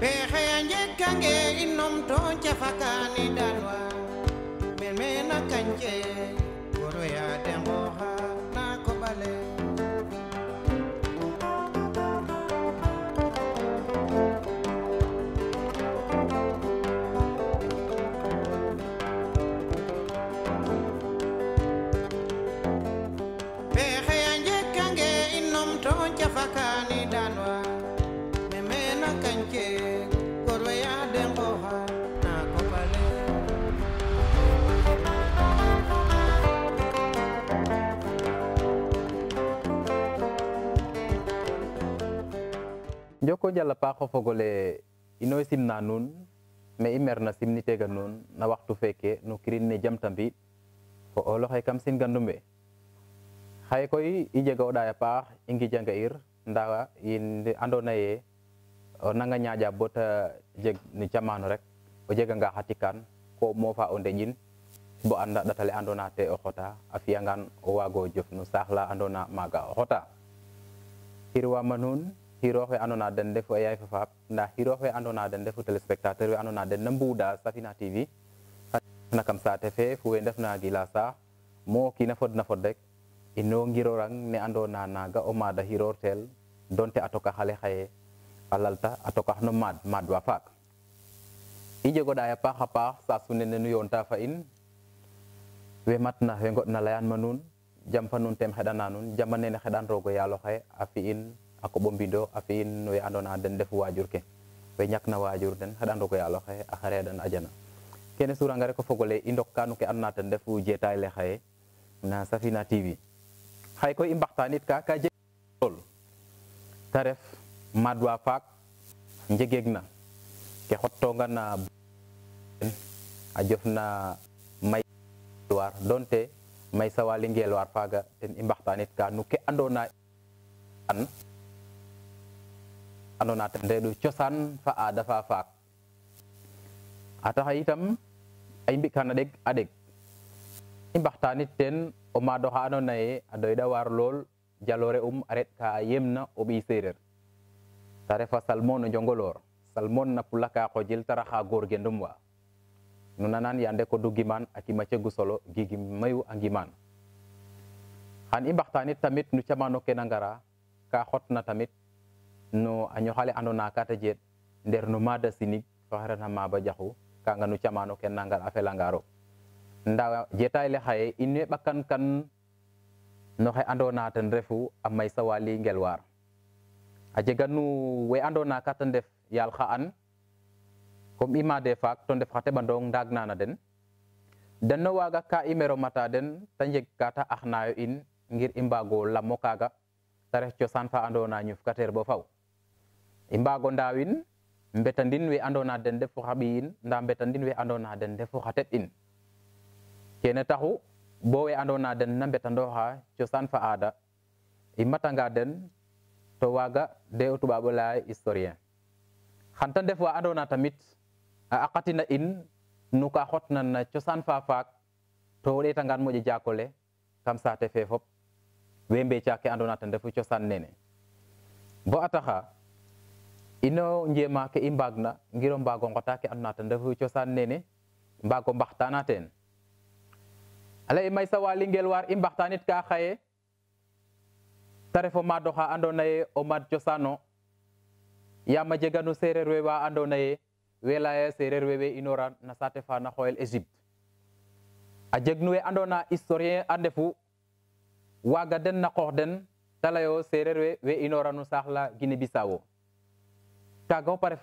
pexe ya kange inom nom toon dalwa men me na kanje goro ya dengo joko jalla ko fogole ino simna nun me na merna simnitega nun na waktu feke no kirin ne ko olo hay kam sin gandume hay koy i jega o ɗaya pa ingi janga ir nda in andona ye o nanga ñaaƴa bota jeg ni jamano rek o jeganga xa tikan ko mofa o ndeƴin bo anda datale andona te o xota a o wago jof no andona maga o xota kirwa manun hiroɓe annduɗa den ndefo e yayfo faap nda hiroɓe annduɗa den ndefu téléspectateur ɓe annduɗa den no mbuɗa safina tv na kam sate fe fo e ndefna gila sa mo kina fodna fod rek ino giroran ne andona naga o maada hirortel donte a toka xale xaye a lalta a toka no maad maad wa faak i jegoɗa ya paax a paax sasune ne nu yonta fa in we matna we goɗna leyan ma nuun jam fa nuun tem xeɗana nuun jama nene xeɗan roogo yaalo xaye a fi in ako ɓombido a fi'in we andoona den ndefu waajur ke we ñakna waajur den xeɗando koy alo xaye a xareeɗan ajana kene suuranga rek o fog ole i ndokka no ke andoona ten refu jeetaay le xaye na Safina TV xaye koy i mbaxtaanit ka a jofna may war donte may sawali ngelwaar faaga ten i mbaxtaanit ka no ke ando tende du chosan fa ada fa fa ata taxa itam ay mbi mbi'kan a ɗeg a baxtani ten o maad oxa andoona yee a doyda waar lool um aret ret ka yemna o ɓiy seereer ta salmon o njongoloor salmon na pula ka tara ha raxa goorgendum wa nu yande ko du giman a kima solo gigi mayu angiman. Han xan i tamit nu chama no kenangara ka xotna tamit no a ñoxale andona kata jeet nder no mada sinig faxarana maba jaxu kaga no camano ken na ngar a felangaro nda jetay le xaye in way ɓakan kan no xe andona ten refu a may sawali ngelwar a jega nu we andona ka ndef yaal xa an comme ima de to ndef xa teɓandong ndaag nana den den no ka i mata den te njeg ka axnayo in ngir i mbaago lamo kaaga te ref cosaan fa andoona ñufkateer bo faw i mbago ndawin mbetandin we andona den ndefu xa ɓiyin in kene taxu bo we andona den na mbetandoxa cosaan fa aada i matanga den to waaga de o tubaab o historien xan ta ndef andona tamit a aqatina in no ka xotna na cosaan fa faak to o ɗeetangaan moƴo jakole kam saate fe fop we mbeca ke andona ten refu cosaan nene bo a taxa ino njema ke i mbaag na ngiro mbaago ngota ke andona ten refu cosaan nene mbaago mbaxtaana teen a leye may sa wali ngelwaar i mbaxtaanit ka xaye te ref o maad oxa andoona yee o maad cosaan o yaam a jega no seereer we wa andoona yee we laya seereer we we inora na saate fa na xooyel Égypte a jeg nu we andoona historien a ndefu waaga den na qoox den te layo seereer we we inora no saax la Guinée Bissau tago paref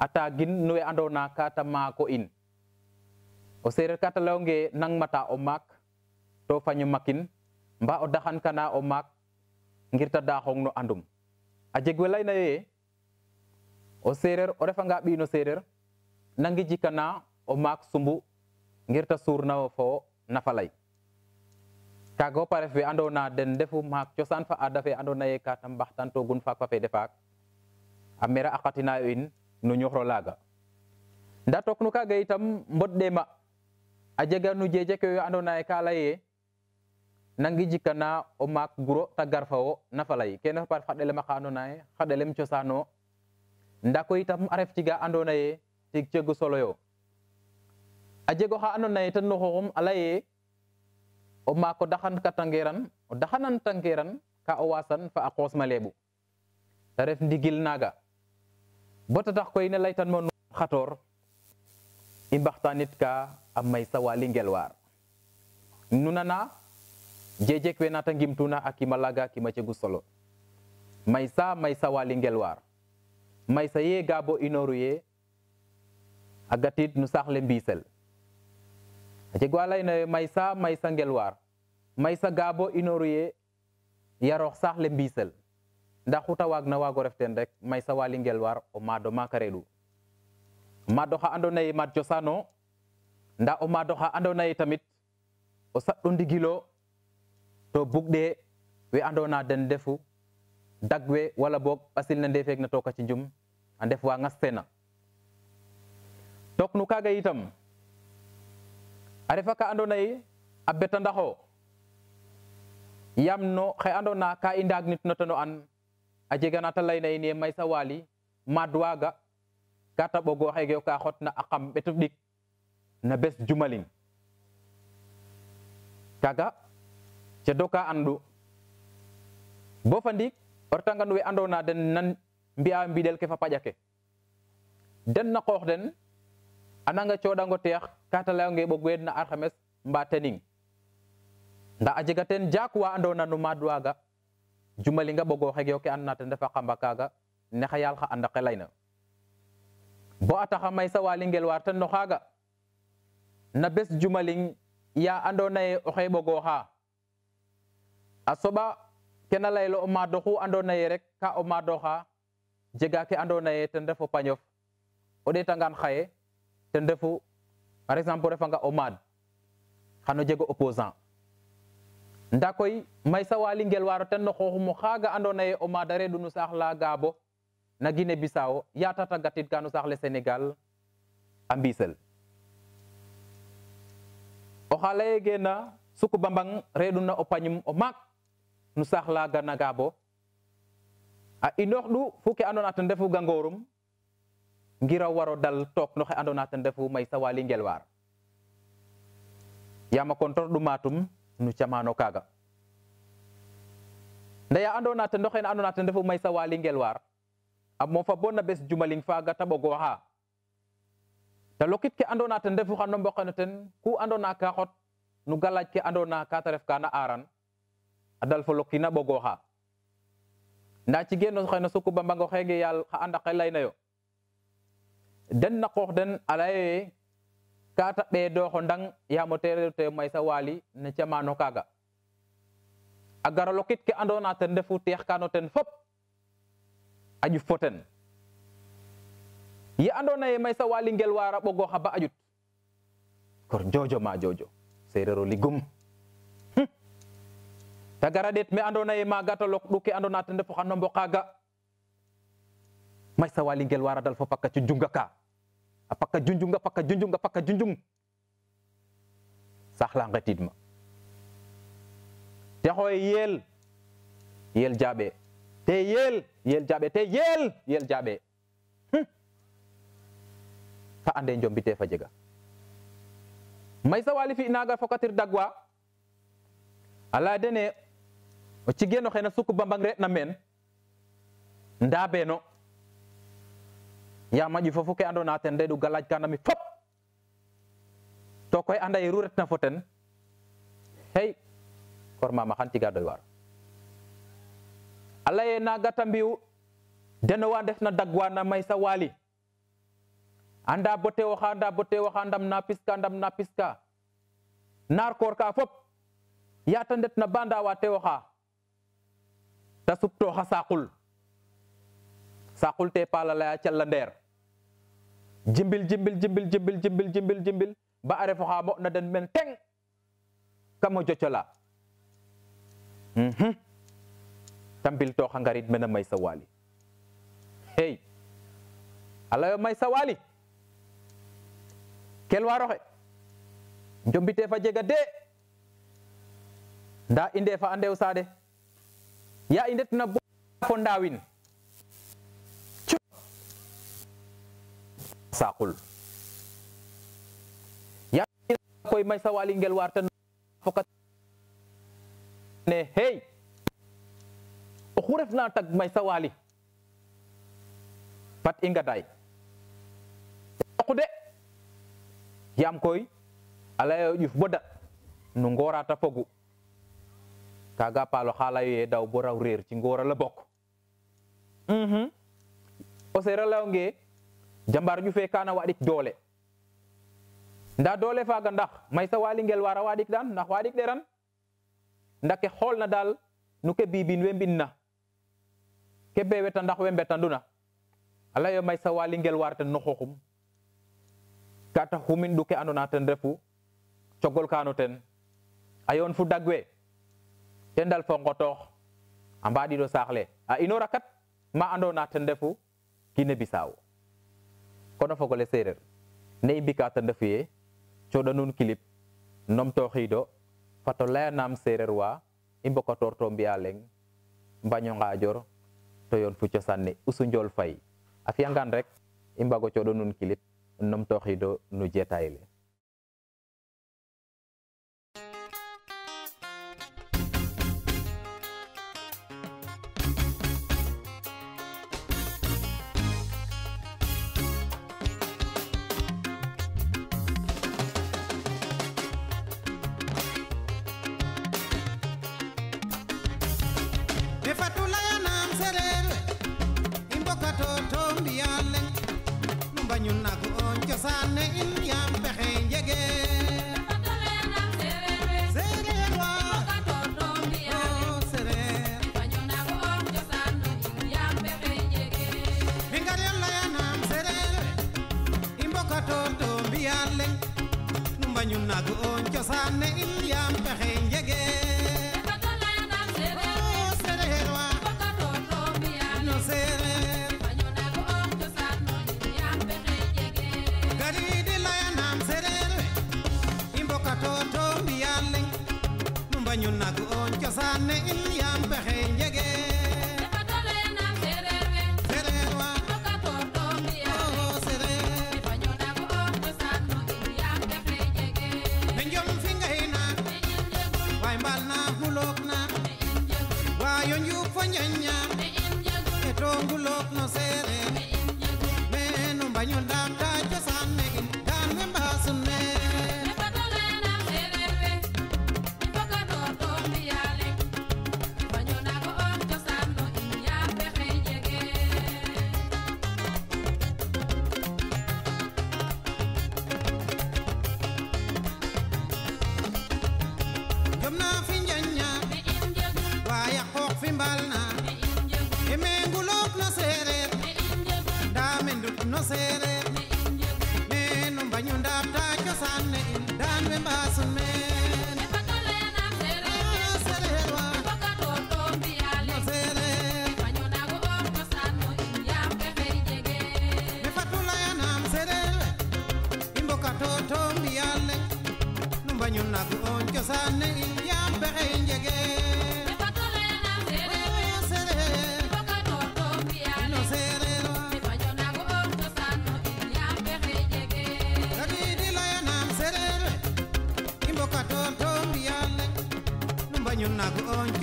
atagin noe andona kata mako in o serer kata lawnge nang mata omak, mak to fanyo makin mba odahan kana omak, ngirta dahong no andum Aje jeg we ye o serer o refanga ɓiino serer nangi jikana sumbu ngirta surnawo fo nafalay kaga paref andona den ndefu mak, cosan fa ada fe andona ye ka tam to gun fa fe defak amera akatina in no ñohro laga nda toknu ga itam mbodde ma a nu jeje ke yo ka laye nangi jikana o maak guro ta garfa wo na falay kene par xadelem xa andona nda ko itam aref ref tiga andona ye tig cegu solo yo a ha xa andona ye ten no xoxum o ka tangeran o tangeran ka o fa akos malebu ma ndigil naga botata koy ne laytan mo xator i mbaxtanit ka a may sawali ngelwar nu nana jejek we nata ngimtuna a kima laga a kima cegu solo may sa may sawali ngelwar may sa ye ga bo inoru ye a gatit nu saxle mbisel a jeg wa layna ye may sa may sa ngelwar may sa ga bo inoru ye yarox saxle mbisel nda xuta waagna waag o rek may sa waly o maad o maak a ree'u maad oxa andoona yee o ndaa o maad tamit o saɗ'u ndigil to bugɗee we andoona den ndefu dag wala boog ɓasil ne ndefeegna took a cinjum a ndef wa yitam a refa ka andoona a betandax o yaam no xe andoona ka i ndagnitno ten o and a jega nata layna in ye may sa waali maad waaga ka ta ɓogooxeege ka xotna a qam ɓetu ɗik na bes jumalin kaaga cedo ka andu bo fa ndiik o retangan we andoona den nan mbi'a mbiɗel ke fa paƴa ke den na qoox den a nanga cooɗango teex ka ta layonge ɓogweed na arxames mba tening nda a jega teen jaak wa andoona no maad waaga jumali nga bogo xege ke annata ndefa xamba kaga nexa yal xa anda xelayna bo ataxa may sa wali ngel no xaga na bes jumaling ya ando naye o xey bogo xa a soɓa kena layelo o maadoxu ando naye rek ka o maadoxa jega ke ando naye ten refu pañof o ɗetangan xaye ten refu par exemple refanga o maad xano jego opposant ndakoy may sawali ngel waro ten no xooxum xaaga andoona o maad reedu no saax la na Guinée Bissau yatata gatidka no saax le Sénégal a Mbisel oxa layeegeena suku bambang reeduna o pañum o maak no saax laaga na gaabo a inooxɗu fu ke andoona ten refu gangoorum ngir a war o dal took no ten refu may sawali ngel waar kontor ɗu maatum no camano kaga ndeya andona ten oxene andona ten refu may sa wali ngelwar a mofa bo na bes jumaling faga ta ɓogoxa te lokit ke andona ten refu xano mboqeno ten ku andona ka xot no galaj ke andona ka ref kana aran a dal fo lokina ɓogoxa nda cigeno xene suku bambango xeege yaal xa anda xe laynayo den na qoox den a layaye kata ɓeeɗoxo ndang yaam o terete may sa waali camano kaaga a garolokit ke andoona ten refu teex kaano ten fop a ƴuf fo ten ye andoona yee may sa waali ngelwaar a ɓogooxa ba a kor joojo ma joojo seereer ligum ta gara ɗeet me andoona yee maaga ta lokɗu ke andoona ten refu xa nombo kaaga may sa waali ngelwaar dal fo pakka cu junga kaa a pakka junjung a pakka junjung a pakka junjung sahla ngetidma te hoye yeel yeel jaaɓe te yeel yeel jaaɓe ta ande jombite fa jega may wali fi naga fokatir dagwa ala dene o cigeno xena suku bambang retna men ndabeno Ya fof ko ando naten nde galaj kana mi fop to koy anda e retna foten hey ma ma tiga gado war alla ye na gata def na dagwa na may sa wali anda bote waxa anda bote waxa ndam na piska ndam na piska nar kor ka fop yata na banda te waxa ta subto xa saqul saqul te pala la calla nder jimbil jimbil jimbil jimbil jimbil jimbil jimbil ba xa moƴna den men teng kam o jocola mhm. ta mbiltooxa ngarid mena may sa waali a layo may sa waali kelwaaroxe njombitee fa jega de ndaa i ndeefa a ndew saade yaa i ndetna bo fo ndaawin saqul yàlla koy may sa ngel waar ne hey oxu ref na tag may sa pat i ngaday oqu de yaam koy a layo ƴuf bo dat no ngoora ta fogu kaga paalo xa layo ye daw bo raw reer ci ngoor ala bokk mm-hmm. o seer a layonge jambar ju fe kana waɗik doole nda doole faga ndax may sa walingel wara waɗik ɗan ndax waɗik ɗeran nda ke xoolna dal nuke bibin we mbinna ke be weta ndax we mbetanduna a ley may sa walingel war ten no xoxum ka ta xumin ɗu ke andona ten refu cogol kano ten a yoon fu dag we ten dal fo a mbaɗiɗo saax a inoora kat ma andona ten refu kiine bisaawo kono fogole serer nei fe, ndafiye coda nun kilip nom to xido fato nam serer wa i mbokator mbiya leng mbaño ngajor to yon fu cosanni usu njol fay a fiyangan rek imbago codo nun kilip nom to xido nu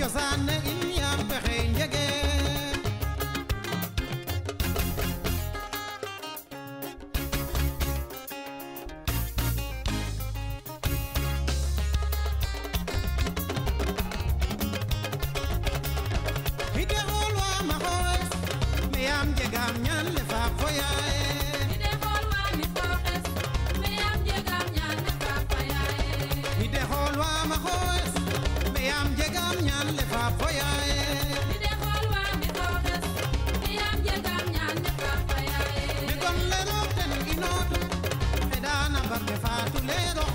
cause miedo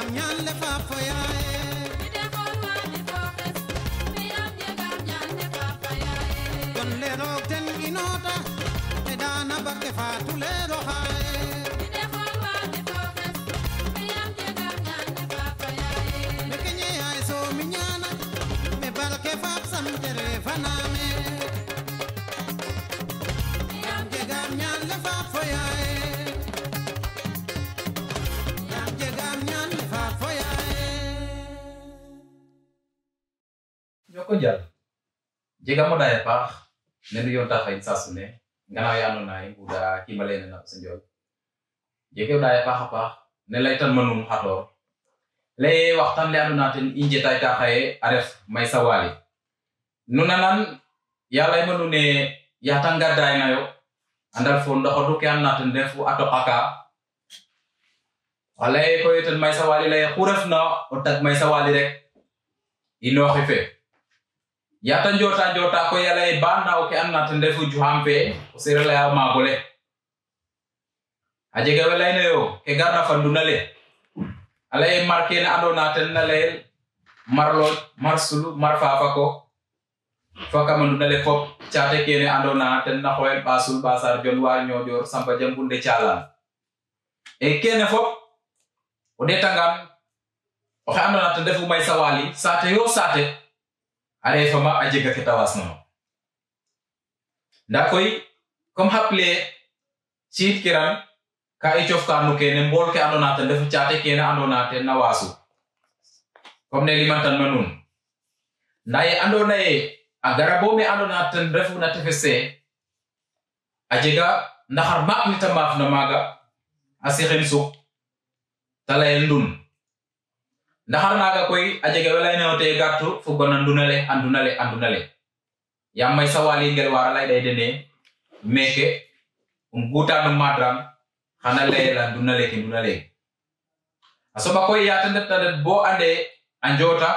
am ñaan le fa foya Jika mo pa, paax yung tatay sa sune, nga na ya ando naye buda himalene na senjol jege daye paax paax ne lay tan hator le waktan ya le ano natin, inje tay ta aref may sawali Nunanan, yalay ya lay manu ne ya tanga daye andal phone ndoxo du kyan natin defu ato paka. wala ko itan may sawali le, xuref na o may sawali rek ino kife yata jota jota ko yala e banna o ke annata ndefu juhamfe o sirala yaw maako le aje gawe ne yo ke garna fanduna le ala e na ando tan na layel marlo marsulu marfafa ko faka mandu le fop ke kene ando tan na hoel basul basar jon wa nyodor samba jambunde chala e eh, kene fop o oh, tangam o oh, ando tan defu may sawali sate yo oh, sate alefama a jega ke ta wasnama nda koy comme xaple ciit kiran ka i cofka no kene mbool ke andona ten refu caate kene andona ten na waasu comme ne limantanma nuun nda ye andona a gara bo me andona ten refu na tefes se a jega ndaxar maak ne maaf na maaga a sixin suq ta layel ndun ndahar naga koy a jega we laynao te gartu fogona ndunale a ndunale a ndunale yam may sawali ngel wara layɗay dene meke um gutano madram xana layela ndunale ke ndunale a soɓa koy yata ndetna ndet bo ande a njota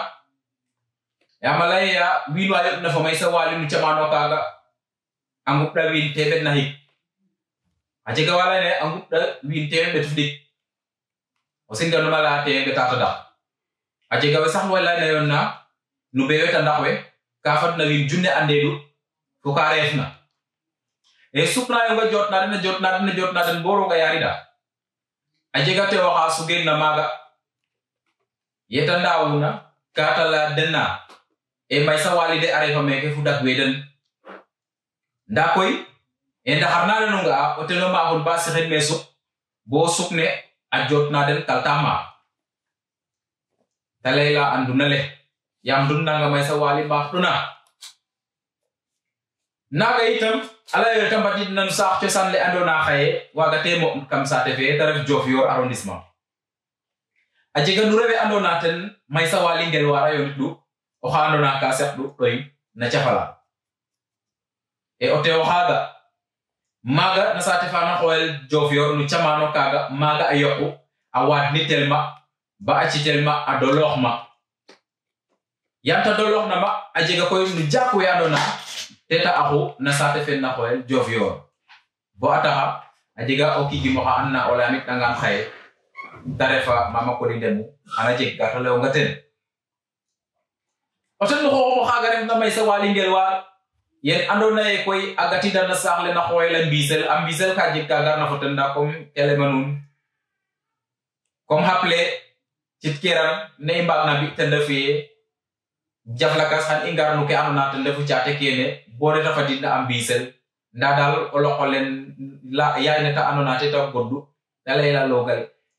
yama layeya wiin wa yoɗna fo may sawali nu camano kaga a nguɓɗa wiin teɓet na hik a jega wa layne a nguɓɗa wiin teɓet ɓetuf ɗik o singganuma laya teɓe ɓetata dak a jega we sax way leyna yo na no mbe weta ndax we ka fadna wiin junne andeedu fo ka reefna e eh, supnayonga jotna den a jotna den a jotna den bo roga yarida a jega te waxa sugenna maaga yeta ndawuna kata la denna e eh, may sa walide a refa meke fu dak we den nda koy e ndaxar na denunga o teno maxun ba bo sup ne a jotna den kaltama talay la andunale yam dundanga mai sawali ba duna naga itam ala yo tambati nan sax ci sanle andona xaye waga temo kam sate fe taraf jof yor arrondissement a jega nu rewe andona ten mai sawali ngel wara yo du o xa andona ka sax du na cafala e o tewo xaga maga na sate fa na xoyel jof nu camano kaga maga a yoku a wad ni ba a ma a doloxma ya na ma a jega koy nu jaku ya andona teta axu na te fen na xoyel jofiyoor bo a taxa a jega o kigimoxa and na o lamitnangan xaye te refa mama koli demu xana jeg gata leyonga ten o ten xoxomo xaaga refna may sa walingel wa yen na ye koy a gatida na saax le na xooyel a mbisel a mbisel ka jeg ka garna fo ten comme elema comme xaple citkiran ne mbag na mbi ten refu jaf la xan ya i ngar no ke te ci kene bo dafa fadidna am bisel nda dal o la yaay ne ta anona te tok goddu da layela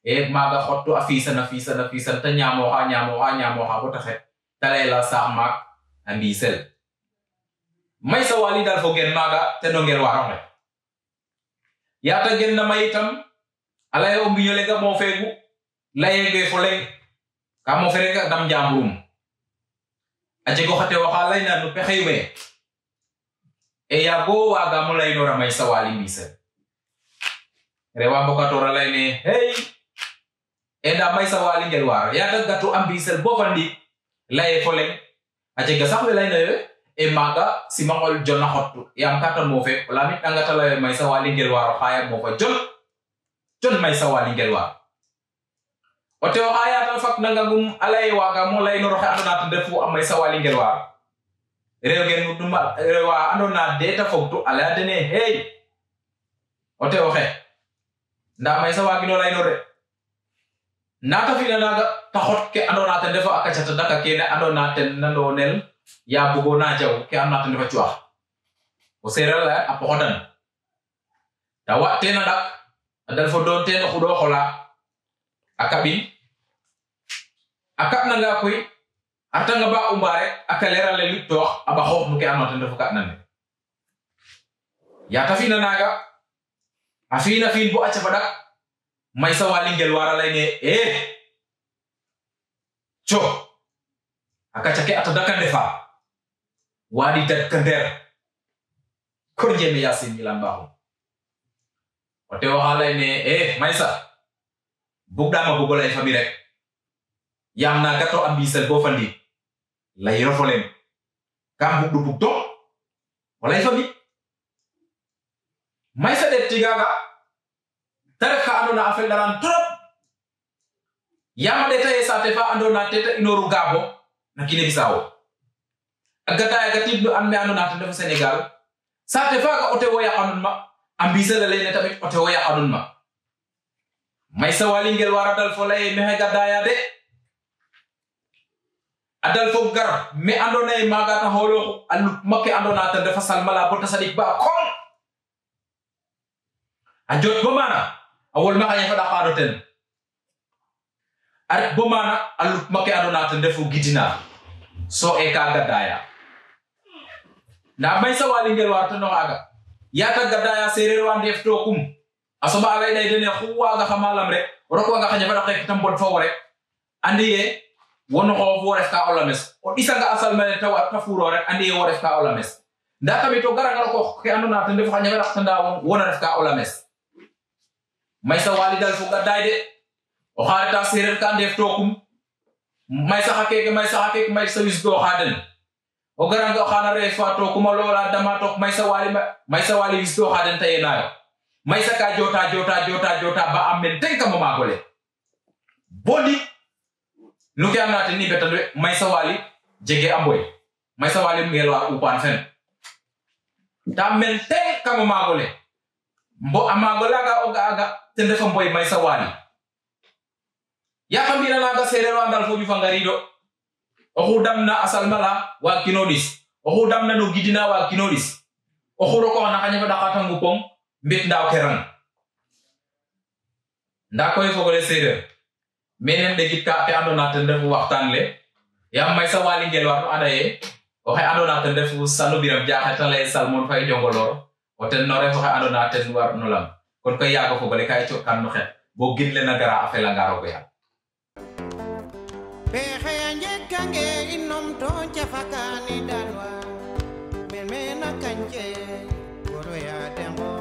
e eh, maga xottu a fisa na fisa ta ha ñaamoxa ha bo ta da lay la saax maak am bisel may sa wali dal fo gen maga te no ngel ya ta gen na may itam a laye ya o lega mo fegu be fo lay ka mo fereka dam jamburum aje ko xate waxa na no pexey we e ya go wa ga mo no ramay sawali misa rewa mboka tora ne hey e da may sawali ngel war ya ta ambisel bo fandi laye fo lay aje ga sax we e na yo e maga simangol jona hottu yam kata mo fe mi tangata lay may sawali ngel war xaya mo fa jon jon may sawali ngel war o tewo ayatal faknangagum alay ga mo lay no roxe anu na to defu amay sawali ngel wa rew gen mu dumba rewa eh, andona fok tu ala dene hey o waxe nda may sawagi no lay no re nata fina ta hot ke andona anu ten defa akacata daka na andona ten nando nel ya bugo na jaw ke ta anu defu ci wax o serel la eh, a poxotan dawa tena dak dal fo don na xudo xola a bin akap nanga koy atanga ba umbare aka lerale le do aba xof mu ke amata ndefu kat nan ya fina naga afina ah, fin bu acha fadak may sa wali ngel wara lay ne eh cho aka chake dakan defa wadi dat kander korje me yasin lamba ho o wala ne eh maysa bugdama bugola e fami rek Iya, anu na gato ambisal bo fandi lay rofolen kam bu bugdo walay fami may sa det tigaga tar ka andona afel daran trop yamma de tay sa te fa andona teta inoru gabo na kine bisawo oh. agata agati ibnu amme andona tan dafa senegal sa te fa ka ote woya anunma ambisal lay tamit ote woya ma may sa walingel waradal fo lay mehe gadaya de adal fo gar me andona maga ta holo al makke andona ta dafa salmala bota sadik ba kon a jot bo mana awol ma ya fada qado ten ar bo mana al makke andona ta defu gidina so e ka gadaya na bay sa wali ngel warta no aga ya ka gadaya sere wan def to kum asoba alay day dene khuwa ga khamalam rek roko nga ba fada xek tambol fo rek andiye wonno o fo refka o lames o ɗisanga a salmale ta ta fuuro rek andi ye wo refka o lames nda tamit o garanga roko ke andona ten refu xa ñame ɗaxtanda won wona refka o lames maysa walidal fo gaddaay de o xa reta sereer ka ndeef tookum maysa xa keke maysa xa keke maysa wis dooxa den o garanga o xana rees fa tookum a loola dama took maysa wali maysa wali wis dooxa den tayenayo maysa ka jota jota jota jota ba am men teng kamo maagole bo ndik Luki alnate ni betta mai may sawali jege amboy Mai sawali melwa upan fen tamel te kamu magole mbo amagola ga oga aga tende fo boy sawali ya kambira na ga sere wandal fo jufa ngarido o na asal mala wa kinodis o na no gidina wa kinodis o huro ko na kanya da katan gupong mbit ndaw keran nda koy fogole sere minen ɓe gitta ɓe andona waxtan le ya may sa wali ngel warno ada ye oxe andona to bi salubiram jaaxe tan lay sal mon fay jongoloro o ten no ref oxe andona war no lam kon koy yaago fogole ka i e coɗkan no xet bo ginle na gara ya. a felanga rogo yal pexeya njeggange inom to jafakani dalwa men mena kanje koroya dengo